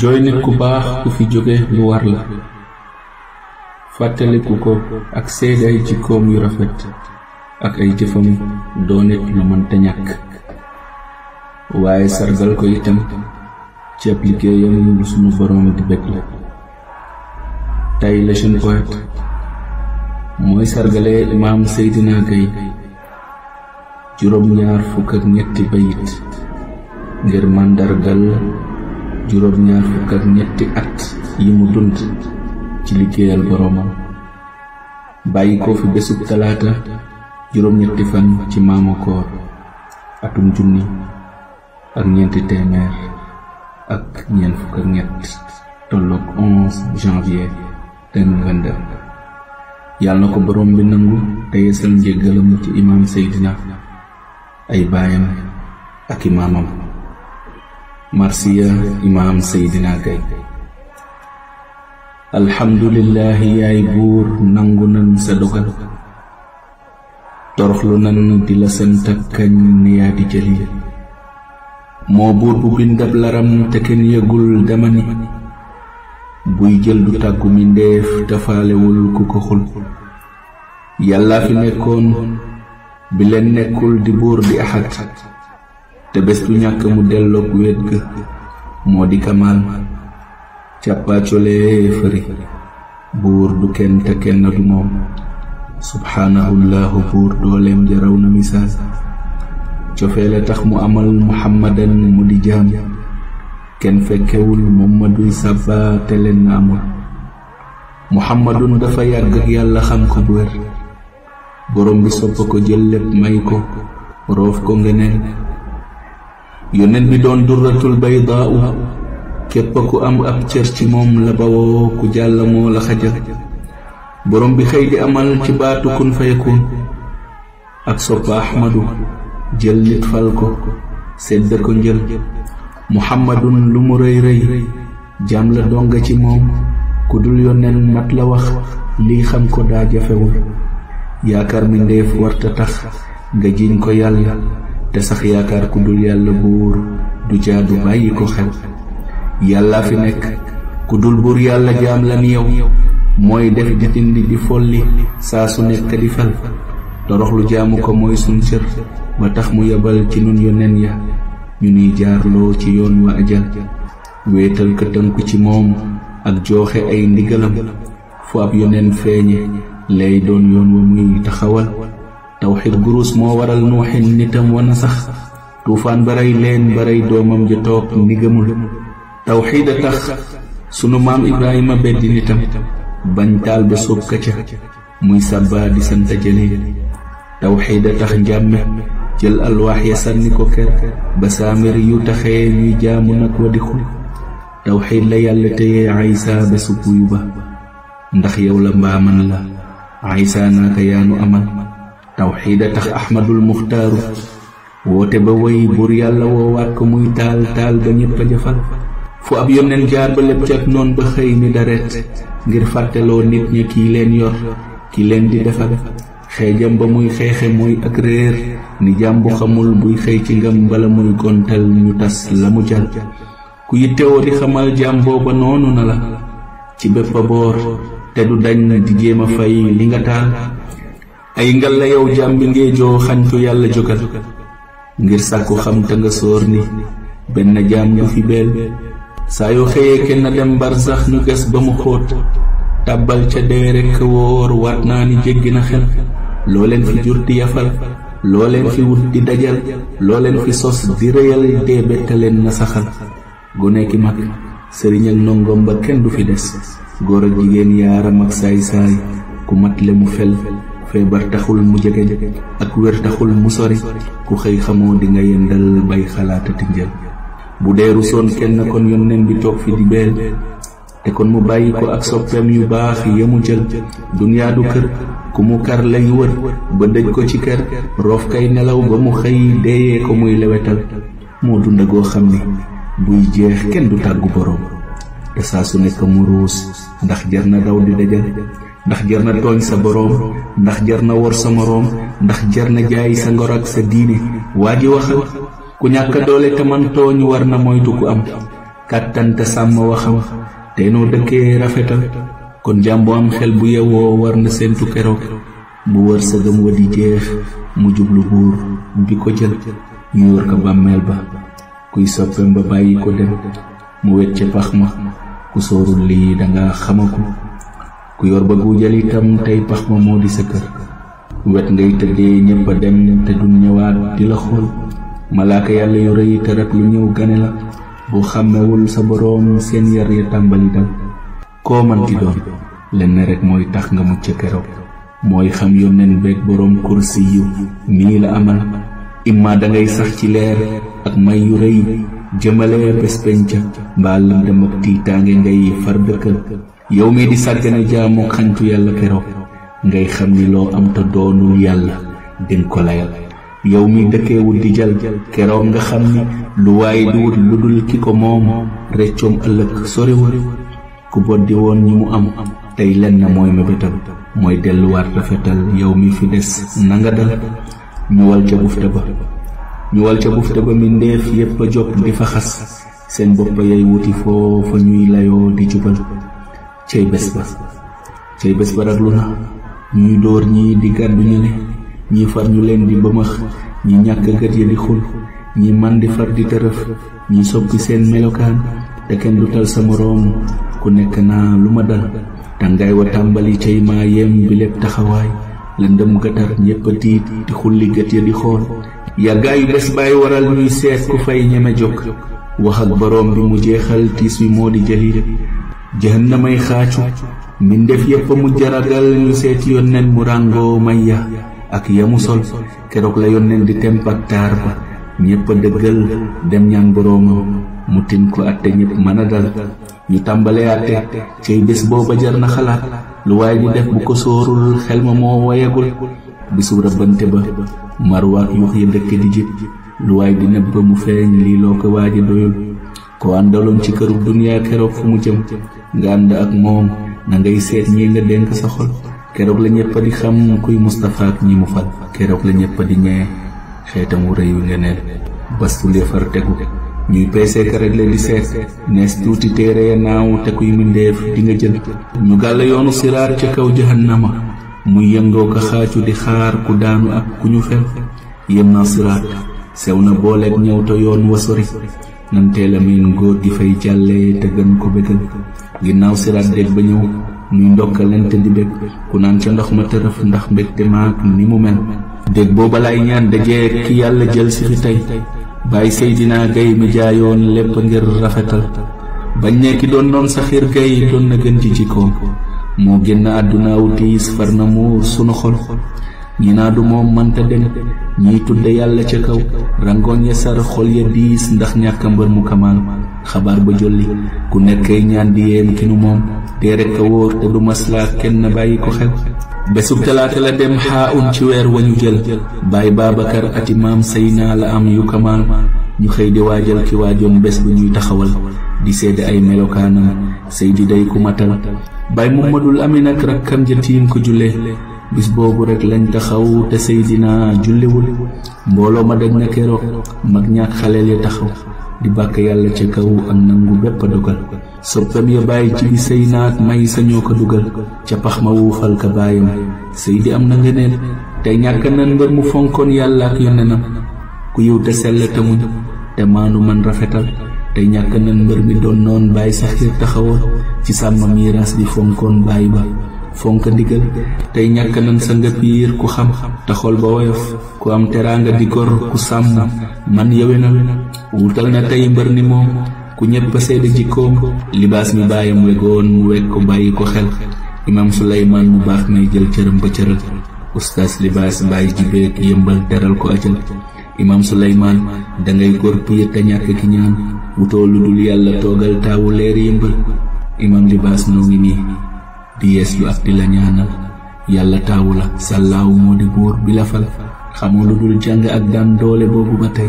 jooy nit ku baax ku fi jóge lu war la fàttaliku ko ak seede ay jikkoom yu rafet ak ay jëfam doone lu mënta ñàkk waaye sargal ko itam ci ab liggéeyam lu sunu boroom di bëgg la tey la jeune poète mooy sargale imaam Seydina Gaye juróom ñaar fukk ak juróom-ñaar fukk ak ñetti at yi mu dund ci liggéeyal boromam bàyyi ko fi bésub talaata juróom-ñetti fan ci maama koor atum junni ak ñeenti téeméer ak ñeen fukk ak ñett tolloog 11 janvier 2022 yàl na ko boroom bi nangu te njéggalam ci imaam seydina ay baayam ak imaamam Marsiya Imaam Seydina yaay buur nangu nan sa dogal toroxlu nan di la sant ak yaa di jëli moo buur bu bindab laram te kenn yëgul dama ni buy jël du tàggu mi ndeef te ku ko xul yàllaa fi nekkoon bi leen nekkul di buur di axat te bés du ñàkk mu delok wéet ga moo di kamal càppaacolee fëri buur du ken te ken du moom subhaanahullahu buur dooleem jaraw na misaal fele tax mu amal muhammadan mu di jaam kenn fekkewul moom ma te len na muhammadun dafa yag ak yalla xam ko bu wér borom bi sopp ko jël lepp may ko rof ko ngene yonent bi doon durratul baydaa képp ku am ab cër ci moom la bawoo ku jàll moo la xaja borom bi xëy di amal ci baatu kun ak soppa ahmadu jël nit fal ko sedda ko njël muhammadun lu mu rëy rëy jaam la donga ci moom ku dul yoneen mat la wax lii xam ko daa jafewul yaakaar mi ndeef warta tax nga jiiñ ko yàlla te sax yaakaar ku dul yàlla buur du jaadu bàyyi ko xel yàlla fi nekk ku dul buur yàlla jaam lan yow mooy def di di folli saa su nekk di fal lu jaamu ko mooy sun cër ba tax mu yebal ci nun nen ya ñu nuy jaarloo ci yoon wa ajal wéetal ka tënku ci moom ak jooxe ay ndigalam fu ab yonen feeñe lay doon yoon wa muy taxawal tawhid gurus semua waral nuuxin nitam wa nasakh tufan baray len baray domam je toog ndigamul tawxid tax sunu mam ibrahima beddi nitam bantal taal ba sóob ka ca muy sabba di santa jële tawhid tax jamme jël alwah ya sànni ko ker ba yu taxee ñuy jaamu nak wa di xul tawhid la yalla téye aysa be sukuyuba ndax yow la mbamana la yaanu amal tawxiida tax ahmadul muxtaaru woote ba woy buur yàlla woowaat ko muy taal taal ba ñépp a jëfal fu ab yónneen jaar ba lépp cag noon ba xëy ni daret ngir fàtteloo nit ñi kii leen yor ki leen di defal xeejam ba muy xeexe mooy ak réer ni jàmbu xamul buy xëy ci ngam bala muy gontal ñu tas la mu jal ku yittewoo di xamal jàmm booba noonu na la ci bépp boor te du dañ di jéem a fay li nga taal ay ngal la yow jambi ngey jo xantu yalla jogal ngir sakku xam ta nga bena ni fibel, jaam ñu fi beel nugas yoo tabal kenn dem bar sax ñu gas ba mu xoot tabal ca de rek wor ni xel lolen fi jurti di yafal lolen fi wut di dajal loo fi sos di reyal de betalen na saxal gu ki mak sëriñ ak nongom ba ken du fi dess gor ak jigéen yaaram say ku mat le mu fel Febar taxul mu jege ak wér taxul mu sori ku xey xamoo di nga yendal bay xalaatati njël bu deeru soon kenn kon yonneen bi toog fi di beel te kon mu bàyyi ko ak soppeem yu baax yamu jël dunia du kër ku mu kar lay wër ba dëj ko ci kër roof kay nelaw ba mu xëy deeyee ko muy lewetal moo dunda goo xam ni buy jeex kenn du tàggu borom te saa su nekk mu ruus ndax jar daw di dajal ndax jar na tooñ sa borom ndax jar na wor sa morom ndax jar na jaay sa ngor ak sa diine waji wax ku ñaka doole te man togn war na moytu ku am Katan te sam waxam te no dëkkee rafeta kon jambo am xel bu yewo war na sentu kero bu wër sa gam wa jeex mu jublu bur bi ko jël ñu wër ka bammel ba kuy soppem ba bayiko dem mu wet pax ma ku li da danga xamako ku yor bëggu jël itam tay pax ma modi sa kër wet ngay tëddee ñepp dem te duñ ñewaat di la xol malaaka yalla yu reey te rek lu ñew gané la bu xàmmewul sa borom seen yar ya tambali dal ko man di doon len rek moy tax nga ci kéro moy xam borom kursi yu mi la amal imma da ngay sax ci leer ak may yu reey jëmale bés penca mbaa dem ak tiitaange ngay far yow mii di sàggane jaamu xantu yàlla keroog ngay xam ni loo am te doonul yàlla dinga ko layal yow mi dëkkeewul di jal keroog nga xam ni lu waaye di wut lu dul ki ko moom reccoom ëllëg soriwul ku boddi woon ñi mu am tey lenn mooy mébétam mooy delluwaat rafetal yow mi fi des na nga dal ñu wal ca bufte ba ñu wal ca bufte ba mi ndéef yépp a jóg di fa xas seen bopp yay wuti foofa ñuy layoo di jubal cey bes ba cey bes ba raglu na ñuy door ñi di gaddu ñu ne ñi far ñu leen di bawah, ñi ñàkk gët ya di xul ñi man di far di tërëf ñi soppi seen melokaan te ken du tal sa moroom ku nekk naa lu ma dal tàngaay wa tàmbali cey maa yem bi lépp taxawaay lëndëm gatar ñépp a tiit di xulli gët ya di xool yàggaayu ya waral ñuy seet ku fay ñeme jokk wax ak borom bi mu jeexal tiis wi moo di jëli jahannamay min def yépp mu jaragal ñu seet yonen ya mu rango mayya ak yamu sol kérok la yonen di temp ak tar ba ñepp deggal dem ñaan borom mu tin ko atte ñepp mën dal ñu tambalé atté cey bes bo ba jarna xalaat lu way di def bu ko sorul xel mo wayagul bisu rabante ba marwa yu xey dekk di jep lu way di nëbb mu feñ li loo ko doyul ko andalon ci dunya kero fu mu jëm nga ànd ak moom na ngay seet ñi nga dénk sa xol keroog la ñëpp di xam kuy Moustapha ak ñi mu fal keroog la ñëpp di ñee xeetam wu rëy wi nga neel bas bu leefar tegu ñuy peesee karaj la di seet nees tuuti téere ya naaw te kuy mbindeef di nga jël ñu gàll yoonu siraar ca kaw jahannama muy yëngoo ko xaacu di xaar ku daanu ak ku ñu fel yem na siraat sew na booleeg ñëw yoon wa sori nan teel a muy ngóor di fay jàllee te gën ko bëggal ginnaaw siraat déeg ba ñëw muy ndokkalante di bég ku naan ca ndox ma tërëf ndax mbégte maak ni mu mel dég booba lay ñaan dajee ki yàlla jël si fi tey bàyyi Seydina Gaye mi jaayoon lépp ngir rafetal bañ ne ki doon doon saxiir Gaye doon na gën ci jikkoom moo génn àdduna aw tiis far na muur sunu xol ñi naa du moom mënta dem ñiy tudde yàlla ca kaw rangoon ya sar xol ya diis ndax ñàkk mbër mu kamaal xabaar ba jolli ku nekkay ñaan di yéen ki nu moom te rekk a wóor te du maslaa kenn bàyyi ko xel bésub talaata la dem xaa un ci weer wañu jël bàyyi Babacar ati maam say naa la am yu kamaal ñu xëy di waajal ki waajoon bés bu ñuy taxawal di seede ay melokaanam say di day ku matal bàyyi Mamadul Amin ak rakkam ja tiim ko jullee bis boobu rek lañ taxaw te Seydina julliwul mbooloo ma daj na keroog mag ñaak xaleel ya taxaw di bàkk yàlla ca kaw ak nangu bépp dogal soppam ya bàyyi ci bi sëy naak may sañoo ko dugal ca pax ma wuufal ka bàyyam sëy di am na ngeneen te ñàkk na mbër mu fonkoon yàlla ak yonenam ku yiw te sell te muñ te maanu man rafetal te ñàkk na mbër mi doon noon bàyyi sax taxawoon ci sàmm miiras di fonkoon bàyyi ba fonk ndigal ñak ñàkkanan sa nga pir ku xam ta xol ba woyof ku am teranga di gor ku sam man yewenal wutal na tay mbër ni mom ku ñëpp seede jikkoom libas mi mu mu wek ko baye ko xel imam sulayman mu bax may jël cëram ba cëral libas baye bàyyi beek yembal teral ko acal imam sulayman da ngay gor piir te ñak ki ñaan wutoo dul yalla togal tawu leer yembal imam libas no ngi ni di yeeslu ak di la ñaanal yàlla taawu la sàllaawu moo di buur bi la fal xamoo lu dul jàng ak daan doole boobu ba tey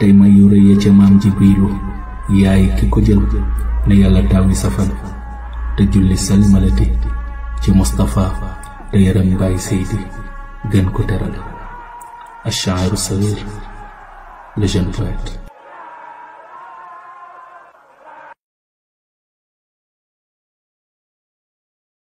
tey ma yu rëy ca maam ji biilu yaay ki ko jël ne yàlla taawi safal te julli salmalati ci Mustapha te yaram mbaay seydi gën ko teral ashaaru salir le jeune